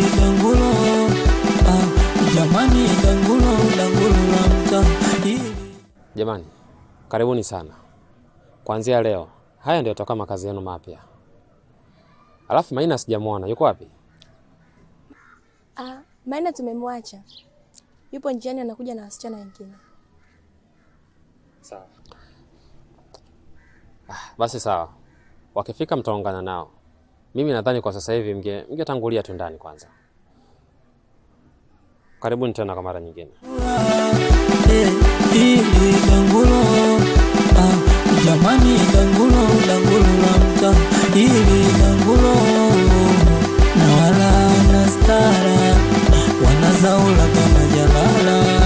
Ah, jamani karibuni sana. Kuanzia leo haya ndio yatakuwa makazi yenu mapya. Alafu Maina sijamwona, yuko wapi? Ah, Maina tumemwacha, yupo njiani, anakuja na wasichana wengine. Sawa. Ah, basi sawa, wakifika mtaungana nao. Mimi nadhani kwa sasa hivi mge mgetangulia tu ndani kwanza. Karibuni tena kwa mara nyingine. Eh, ah, jamani, dangulo dangulo la mta hili dangulo na wala na stara wanazaula kama jalala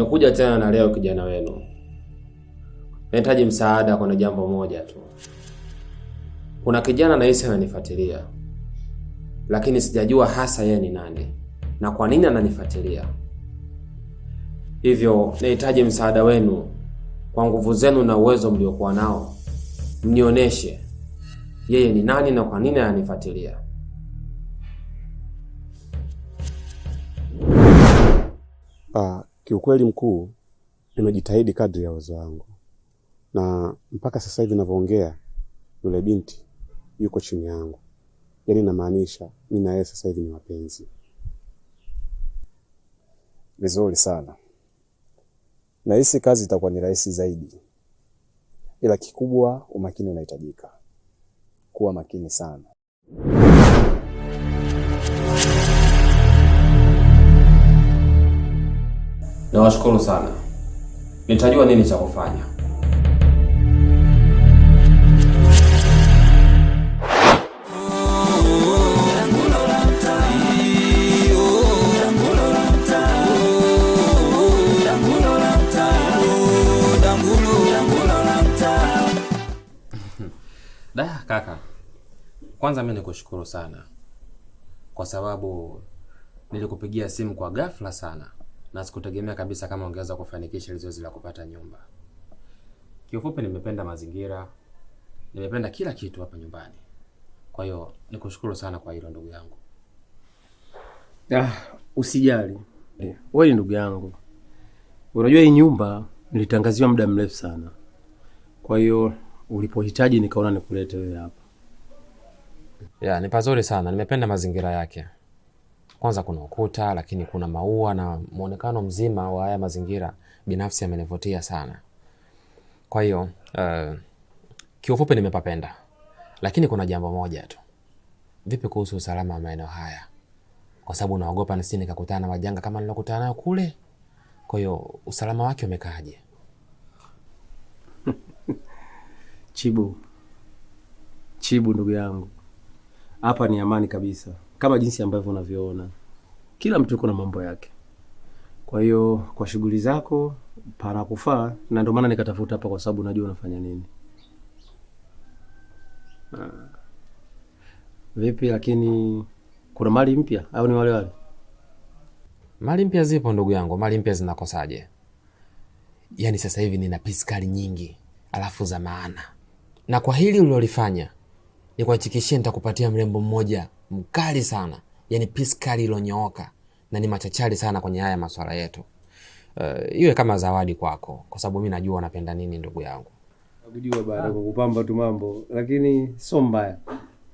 Nimekuja tena na leo kijana wenu. Nahitaji msaada kwenye jambo moja tu. Kuna kijana nahisi ananifuatilia, lakini sijajua hasa yeye ni nani na kwa nini ananifuatilia hivyo. Nahitaji msaada wenu kwa nguvu zenu na uwezo mliokuwa nao, mnionyeshe yeye ni nani na kwa nini ananifuatilia. Ah, Kiukweli mkuu, nimejitahidi kadri ya uwezo wangu, na mpaka sasa hivi ninavyoongea yule binti yuko chini yangu, yaani namaanisha mimi na yeye sasa hivi ni wapenzi. Vizuri sana, nahisi kazi itakuwa ni rahisi zaidi, ila kikubwa umakini unahitajika. Kuwa makini sana. Nawashukuru sana, nitajua nini cha kufanya. Da, kaka, kwanza mimi nikushukuru sana kwa sababu nilikupigia simu kwa ghafla sana na sikutegemea kabisa kama ungeweza kufanikisha zoezi la kupata nyumba. Kiufupi, nimependa mazingira, nimependa kila kitu hapa nyumbani. Kwa hiyo nikushukuru sana kwa hilo ndugu yangu. Ah, usijali yeah. Wewe ndugu yangu, unajua hii nyumba nilitangaziwa muda mrefu sana, kwa hiyo ulipohitaji nikaona nikulete wewe hapa. Yeah, ni pazuri sana, nimependa mazingira yake. Kwanza kuna ukuta, lakini kuna maua na muonekano mzima wa haya mazingira binafsi amenivutia sana. Kwa hiyo uh, kiufupi nimepapenda, lakini kuna jambo moja tu. Vipi kuhusu usalama wa maeneo haya? Kwa sababu naogopa nisi nikakutana na majanga kama nilokutana nayo kule. Kwa hiyo usalama wake umekaaje? Chibu, Chibu ndugu yangu, hapa ni amani kabisa kama jinsi ambavyo unavyoona. Kila mtu yuko na mambo yake, kwa hiyo kwa shughuli zako pana kufaa, na ndio maana nikatafuta hapa, kwa sababu najua unafanya nini. Ha. Ah. Vipi, lakini kuna mali mpya au ni wale wale? Mali mpya zipo ndugu yangu, mali mpya zinakosaje? Yaani sasa hivi nina piskali nyingi alafu za maana, na kwa hili ulilolifanya Nikuhakikishie nitakupatia mrembo mmoja mkali sana, yani piskali ilonyooka na ni machachari sana kwenye haya masuala yetu. Uh, iwe kama zawadi kwako, kwa sababu mi najua wanapenda nini, ndugu yangu. Nakujua baada kwa kupamba tu mambo, lakini sio mbaya.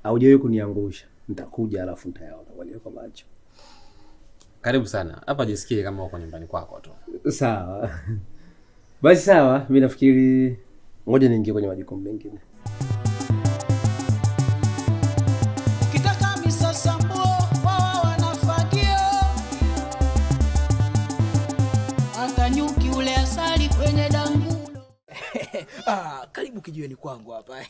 Haujawahi kuniangusha. Nitakuja alafu nitayaona kwa leo kwa macho. Karibu sana. Hapa jisikie kama uko nyumbani kwako tu. Sawa. Basi sawa, mimi nafikiri ngoja niingie kwenye majukumu mengine. Ah, karibu kijiweni kwangu hapa.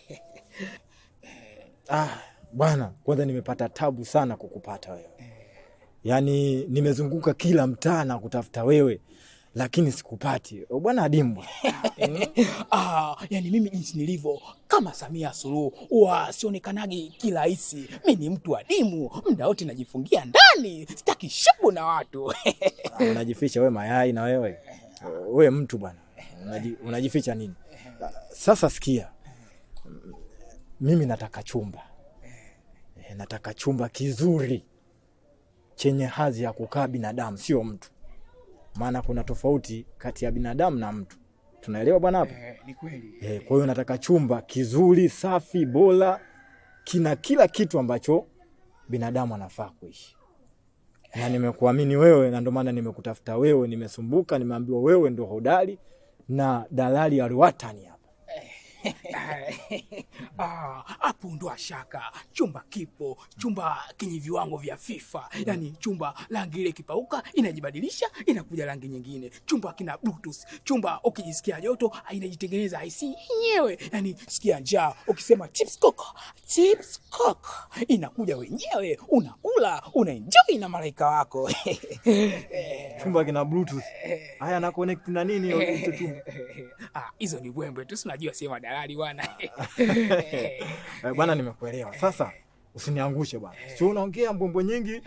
Ah, bwana, kwanza nimepata tabu sana kukupata wewe. Yaani nimezunguka kila mtaa na kutafuta wewe lakini sikupati oh, bwana adimbwa. Ah, yani mimi jinsi nilivyo kama Samia Suluhu wa sionekanagi kirahisi. Mi ni mtu adimu, muda wote najifungia ndani, sitaki shabu na watu. Ah, unajificha we mayai na wewe we mtu bwana, unajificha nini? Sasa sikia, mimi nataka chumba e, nataka chumba kizuri chenye hadhi ya kukaa binadamu, sio mtu. Maana kuna tofauti kati ya binadamu na mtu, tunaelewa bwana hapo e, ni kweli e. Kwa hiyo nataka chumba kizuri, safi, bora, kina kila kitu ambacho binadamu anafaa kuishi na nimekuamini wewe, na ndio maana nimekutafuta wewe. Nimesumbuka, nimeambiwa wewe ndio hodari na dalali ya Rwatania Eh, ah, hapo ndo ashaka. Chumba kipo chumba kenye viwango vya FIFA, yani chumba rangi ile kipauka inajibadilisha inakuja rangi nyingine. Chumba kina Bluetooth, chumba ukijisikia joto inajitengeneza IC yenyewe, yani sikia njaa, ukisema chips cook, chips cook inakuja wenyewe, unakula enjoy na malaika wako. Eh. Chumba kina Bluetooth, haya na connect na nini hiyo? Eh. Ah, hizo ni wembe tu, tunajua sema dalali bwana ah. eh. bwana, eh. nimekuelewa sasa. Eh. Usiniangushe bwana, si unaongea mbombo nyingi,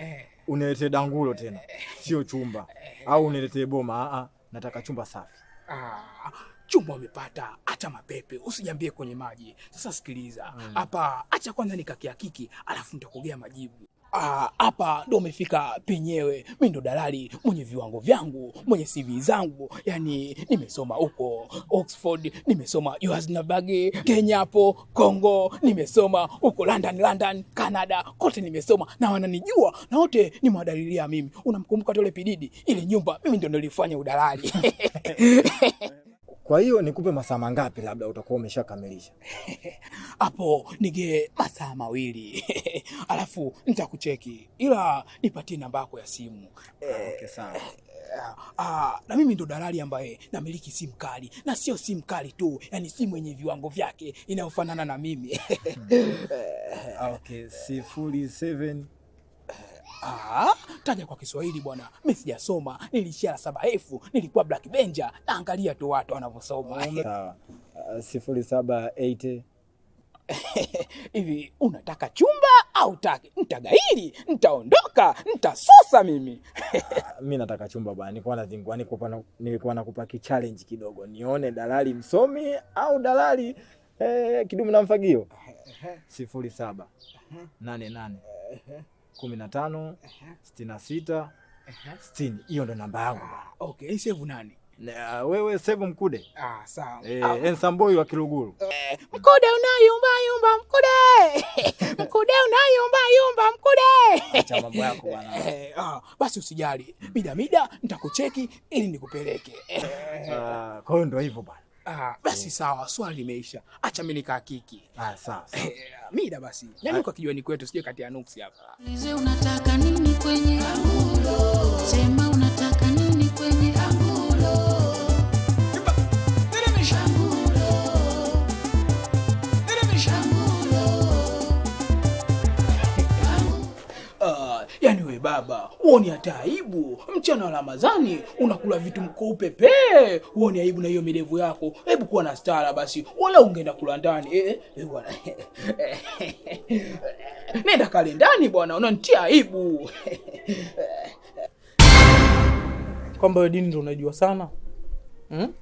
unilete dangulo tena, sio chumba au uniletee boma. Ah, ah, nataka chumba safi. Ah, chumba umepata, acha mapepe, usijambie kwenye maji. Sasa sikiliza hmm. hapa, acha kwanza nikakihakiki, alafu nitakugea majibu. Ah, hapa ndo umefika penyewe. Mi ndo dalali mwenye viwango vyangu, mwenye CV zangu, yani nimesoma huko Oxford, nimesoma Johannesburg Kenya, hapo Congo, nimesoma huko London, London Canada, kote nimesoma na wananijua na wote ni mwadalilia mimi. Unamkumbuka tole pididi ile nyumba, mimi ndo nilifanya udalali Kwa hiyo nikupe masaa mangapi labda utakuwa umeshakamilisha hapo? Nige masaa mawili alafu nitakucheki, ila nipatie namba yako ya simu. Ah, okay, sawa. Eh, eh, ah, na mimi ndo dalali ambaye namiliki simu kali, na sio simu kali tu, yani simu yenye viwango vyake inayofanana na mimi. Hmm. Eh, ah, okay, sifuri seven Ah, taja kwa Kiswahili bwana. Mimi sijasoma, nilishia saba elfu, nilikuwa Black Benja. Naangalia tu watu wanavyosoma. Sawa. Ah, sifuri saba eight hivi unataka chumba au taki? Nitagairi, nitaondoka, nitasusa mimi. Mimi ah, nataka chumba bwana. Nilikuwa nazingua, nilikuwa nakupa kichallenge kidogo, nione dalali msomi au dalali eh, kidumu na mfagio. sifuri saba nane nane kumi na tano sitini na sita sitini. Hiyo ndo namba yangu. Okay, save nani? Uh, wewe save Mkude. Ah, sawa. Eh, ah, Ensamboi eh, wa Kiluguru. Eh, Mkude unayumba yumba Mkude. Mkude unayumba yumba Mkude. Acha mambo yako bwana. Eh, ah, basi usijali. Mida mida nitakucheki ili nikupeleke. Ah, kwa hiyo ndo hivyo bwana. Ah, basi sawa, swali limeisha. Acha mimi nikahakiki. Ah, sawa. Eh, mida basi. Nani ah. kwa kijiweni kwetu sije kati ya nuksi hapa. Unataka nini kwenye sema uoni ni hata aibu. Mchana wa Ramadhani unakula vitu mko upepee uoni ni aibu na hiyo midevu yako. Hebu kuwa na stara basi. Wala ungeenda kula ndani. Eh, bwana. Eh, Nenda kale ndani bwana, unanitia aibu. Kwamba wewe dini ndio unajua sana. Hmm?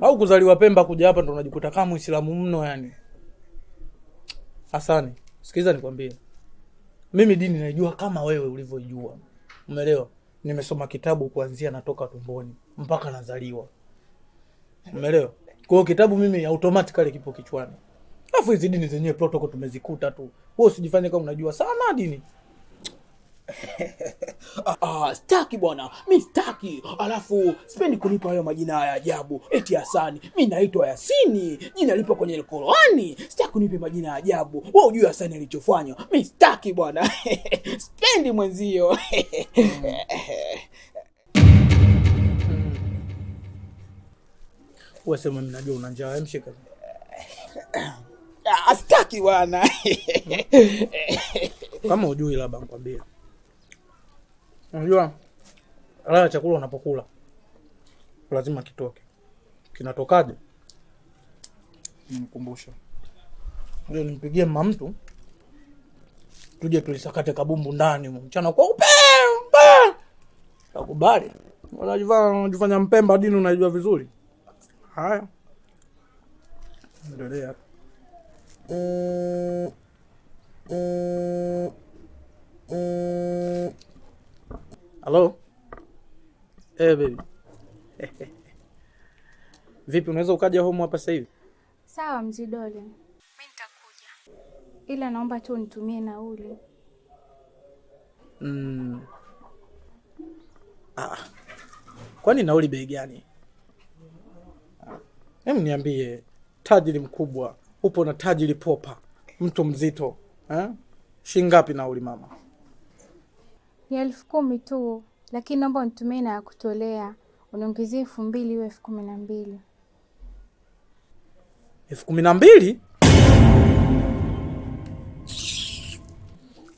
Au kuzaliwa Pemba kuja hapa ndio unajikuta kama Muislamu mno yani. Hasani, sikiliza nikwambie. Mimi dini naijua kama wewe ulivyojua. Umeelewa? Nimesoma kitabu kuanzia natoka tumboni mpaka nazaliwa. Umeelewa? kwao kitabu mimi automatically kipo kichwani. Alafu hizi dini zenyewe protocol tumezikuta tu. Wewe usijifanye kama unajua sana dini. Ah, ah staki bwana, mi staki. Alafu sipendi kunipa hayo majina ya ajabu, eti Hasani. Mi naitwa Yasini, jina lipo kwenye Qur'ani. Sitaki kunipe majina ya ajabu. Wewe unajua Hasani alichofanya? Mi staki bwana, sipendi mwenzio. Wewe mimi najua una njaa, emshe kazi. Astaki ah, bwana. Kama ujui, labda nikwambie Unajua raha ya chakula unapokula lazima kitoke. Kinatokaje? Nimkumbusha ndio nimpigie mama mtu tuje tulisakate kabumbu ndani mchana kwa upemba Takubali. Unajifanya Mpemba dini unajua vizuri. Haya, endelea. Hello? Hey, eh, baby. Vipi unaweza ukaja home hapa sasa hivi? Sawa mzidole Mimi nitakuja. Ila naomba tu nitumie nauli. Mm. Ah. Kwani nauli bei gani? Hem, niambie tajiri mkubwa, upo na tajiri popa, mtu mzito. Eh? Shilingi ngapi nauli mama? Ni elfu kumi tu, lakini naomba unitumie na ya kutolea, elfu mbili iwe elfu kumi na mbili. Elfu kumi na mbili?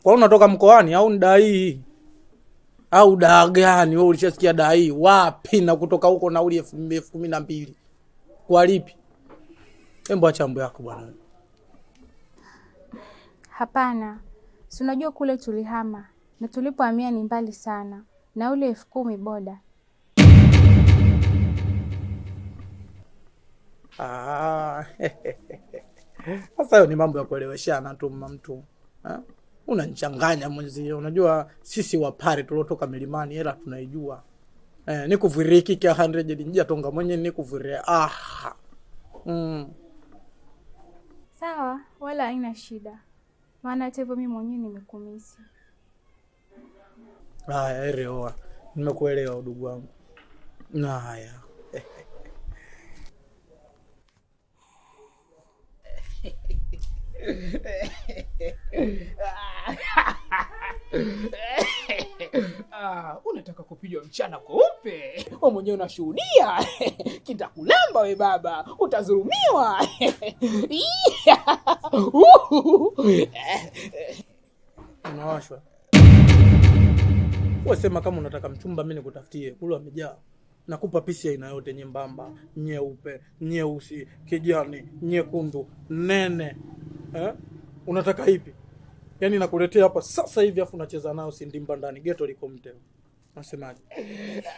Kwa unatoka mkoani au ni au daa gani We Ulishasikia dai wapi? Na kutoka huko nauli elfu kumi na mbili kwa lipi? Embo, acha yako bwana. Hapana, si unajua kule tulihama na tulipohamia ni mbali sana, nauli elfu kumi boda. Ah, sasa hayo ni mambo ya kueleweshana tu, mama mtu unanichanganya mwenzie. Unajua sisi Wapare tuliotoka milimani hela tunaijua. Eh, kuviriki kia hundred njia tonga mwenye kuvire Ah. Mm. Sawa, wala haina shida, maana hata mi mimi mwenyewe nimekumisi. Haya, elewa, nimekuelewa udugu wangu. Na haya Ah, unataka kupigwa mchana kweupe, wewe mwenyewe unashuhudia. Kitakulamba we baba, utazulumiwa. Unawashwa wewe sema kama unataka mchumba, mimi nikutafutie. Kule amejaa, nakupa pisi aina yote, nyembamba, nyeupe, nyeusi, kijani, nyekundu, nene eh? Unataka ipi? Yaani nakuletea hapa sasa hivi, afu unacheza nayo ndimba ndani, geto liko mte. Nasemaje?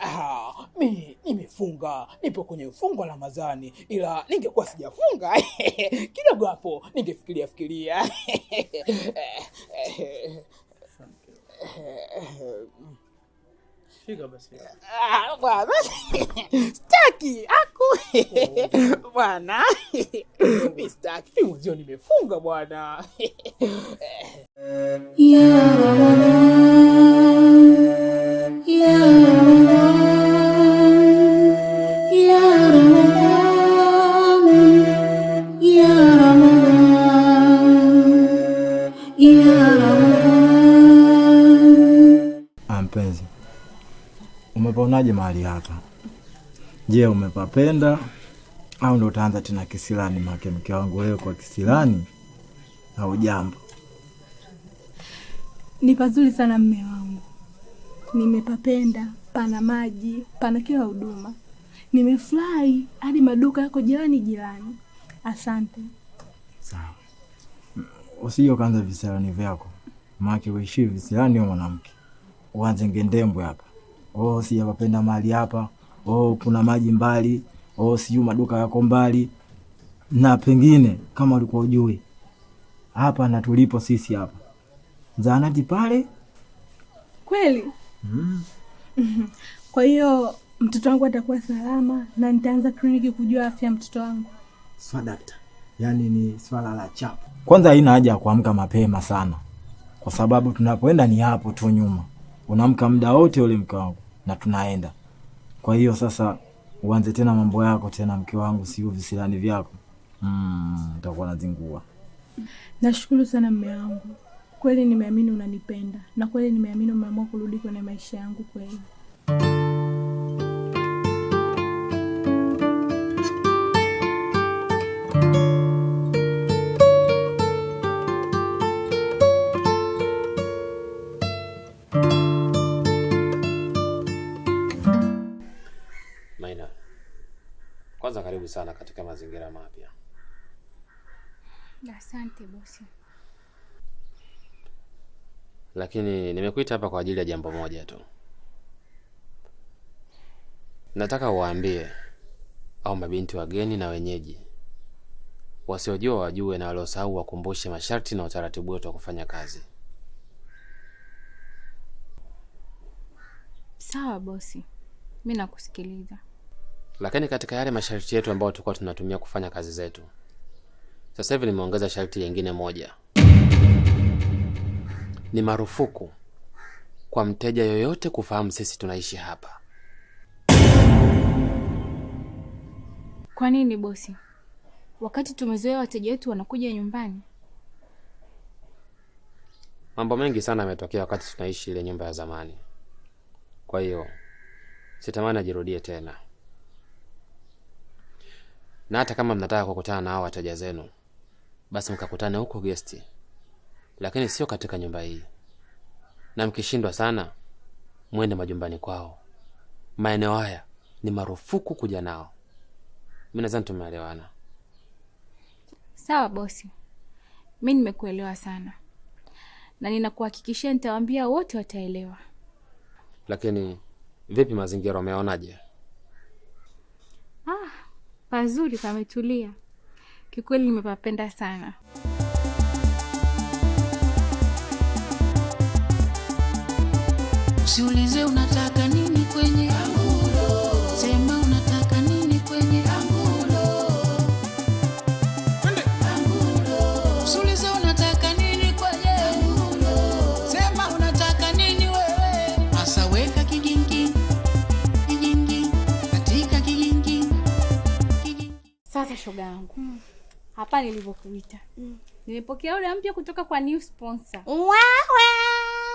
Ah, mi nimefunga, nipo kwenye ufungo la Ramadhani, ila ningekuwa sijafunga kidogo hapo ningefikiria fikiria eh, eh, eh. Bwana staki aku bwana, mi staki nimefunga bwana. yeah, yeah. umepaonaje mahali hapa? Je, umepapenda au ndo utaanza tena kisilani? Make mke wangu wewe kwa kisilani au jambo? Ni pazuri sana mme wangu, nimepapenda. Pana maji, pana kila huduma. Nimefurahi hadi maduka yako jirani jirani. Asante. Sawa, usije ukaanza visirani vyako, make uishie visirani Huyo mwanamke uanze ngendembwe hapa oh, sijapapenda mahali hapa, oh, kuna maji mbali, oh, sijui maduka yako mbali, na pengine kama ulikuwa ujui hapa na tulipo sisi hapa zahanati pale kweli. mm. Kwa hiyo mtoto wangu atakuwa salama na nitaanza kliniki kujua afya ya mtoto wangu. Sawa dakta, yaani ni swala la chapo. Kwanza haina haja ya kuamka mapema sana, kwa sababu tunapoenda ni hapo tu nyuma, unaamka muda wote ule mke wangu na tunaenda. Kwa hiyo sasa uanze tena mambo yako tena, mke wangu, sio visilani vyako. Mm, utakuwa nazingua. Nashukuru sana mme wangu, kweli nimeamini unanipenda na kweli nimeamini umeamua kurudi kwenye maisha yangu kweli. sana katika mazingira mapya. Asante bosi. Lakini nimekuita hapa kwa ajili ya jambo moja tu. Nataka uwaambie au mabinti wageni na wenyeji wasiojua wajue, na waliosahau wakumbushe masharti na utaratibu wetu wa kufanya kazi. Sawa bosi, mi nakusikiliza lakini katika yale masharti yetu ambayo tulikuwa tunatumia kufanya kazi zetu, sasa hivi nimeongeza sharti lingine moja. Ni marufuku kwa mteja yoyote kufahamu sisi tunaishi hapa. Kwa nini bosi? Wakati tumezoea wateja wetu wanakuja nyumbani. Mambo mengi sana yametokea wakati tunaishi ile nyumba ya zamani, kwa hiyo sitamani ajirudie tena na hata kama mnataka kukutana na hao wateja zenu, basi mkakutane huko gesti, lakini sio katika nyumba hii. Na mkishindwa sana, mwende majumbani kwao. Maeneo haya ni marufuku kuja nao. Mi nadhani tumeelewana. Sawa bosi, mi nimekuelewa sana, na ninakuhakikishia nitawaambia wote, wataelewa. Lakini vipi, mazingira umeonaje? ah. Pazuri, pametulia kikweli, nimepapenda sana. Usiulize una shoga yangu mm. Hapa nilivyokuita mm. Nilipokea oda mpya kutoka kwa new sponsor. wawe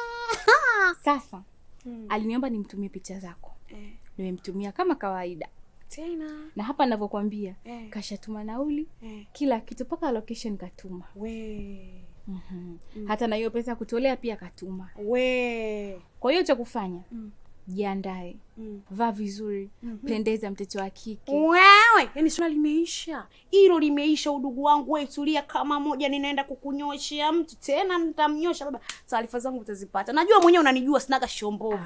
Sasa mm. Aliniomba nimtumie picha zako eh. Nimemtumia kama kawaida tena na hapa ninavyokuambia eh. Kashatuma nauli eh. Kila kitu mpaka location katuma we. Mm -hmm. Mm. Hata na hiyo pesa ya kutolea pia katuma we. Kwa hiyo cha kufanya mm jiandae mm. vaa vizuri mm -hmm. Pendeza mtoto wa kike wewe. Yani sura limeisha hilo, limeisha. Udugu wangu wetulia kama moja, ninaenda kukunyoshea mtu tena, ntamnyosha baba. Taarifa zangu utazipata, najua mwenyewe, unanijua sinaga shombovu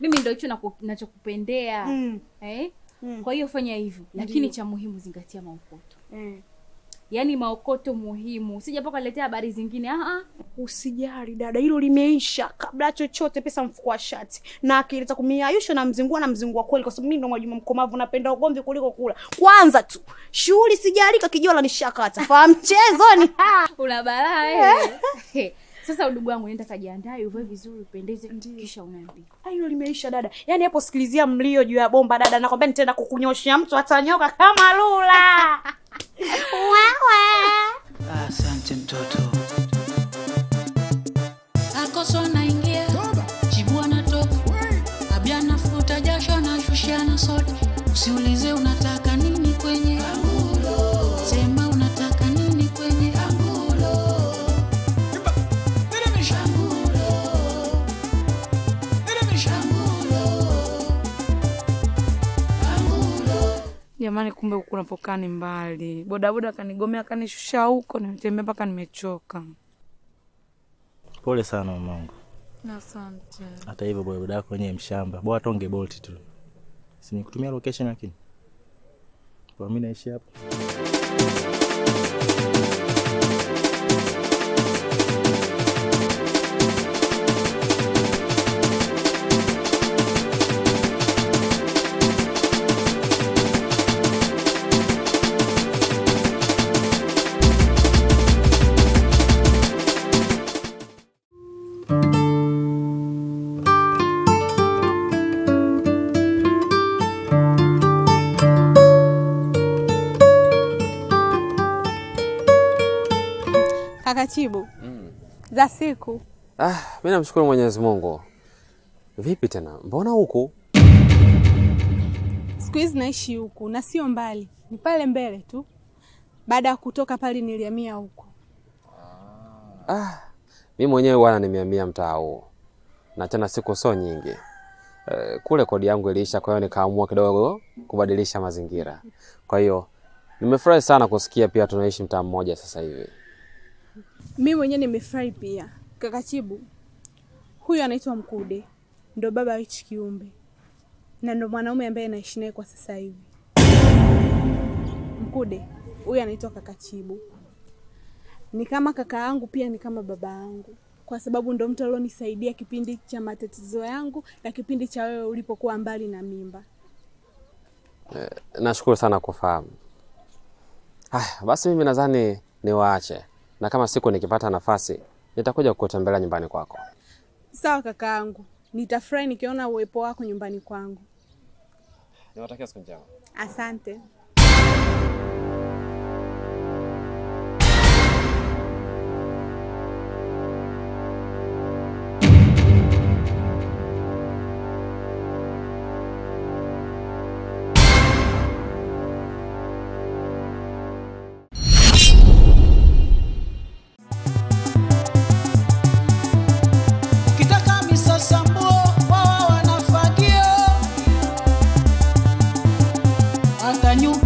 mimi, ndo hicho nachokupendea mm. eh? mm. Kwa hiyo fanya hivyo, lakini cha muhimu zingatia maupoto mm yaani maokoto muhimu. Usije hapo kaletea habari zingine. Ah, ah, usijali dada, hilo limeisha. Kabla chochote, pesa mfuko wa shati, na akileta kumiayusha na mzingua na mzingua kweli, kwa sababu mimi ndo Mwajuma mkomavu, napenda ugomvi kuliko kula. Kwanza tu shughuli sijalika, kijola ni shakata, fahamu mchezoni. Una balaa eh. eh. eh sasa udugu wangu, nenda kajiandae, uvae vizuri, upendeze, kisha unaambia. Ah, hilo limeisha dada. Yaani hapo sikilizia mlio juu ya bomba dada, nakwambia nitaenda kukunyoshia mtu atanyoka kama lula. Wawa. Asante mtoto. Akoso naingia. Jibu anatoka. Abiana futa jasho na shushiana sote. jamani, kumbe huku napokaa ni mbali. Bodaboda akanigomea akanishusha huko, nimetembea mpaka nimechoka. Pole sana mamangu. Asante. Hata hivyo bodaboda yako wenyewe mshamba, bora tonge bolti tu, sinikutumia nikutumia location lakini kwa mimi naishi hapa taratibu mm. za siku. Ah, mimi namshukuru Mwenyezi Mungu. Vipi tena, mbona huku siku hizi naishi huku na sio mbali, ni pale mbele tu. Baada ya kutoka pale nilihamia huku. Ah, mimi mwenyewe bwana, nimehamia mtaa huu na tena siku so nyingi eh, kule kodi yangu iliisha, kwa hiyo nikaamua kidogo kubadilisha mazingira. Kwa hiyo nimefurahi sana kusikia pia tunaishi mtaa mmoja sasa hivi. Mi mwenyewe nimefurahi pia. kakachibu huyu anaitwa Mkude, ndo baba wa hichi kiumbe na ndo mwanaume ambaye anaishi naye kwa sasa hivi. Mkude huyu anaitwa Kakachibu, ni kama kaka yangu pia ni kama baba yangu, kwa sababu ndo mtu alionisaidia kipindi cha matatizo yangu na kipindi cha wewe ulipokuwa mbali na mimba. Eh, nashukuru sana kufahamu. Haya basi, mimi nadhani niwaache na kama siku nikipata nafasi nitakuja kukutembelea nyumbani kwako. Sawa yangu, nitafurahi nikiona uwepo wako nyumbani kwangu. Niwatakia siku njema. Asante. you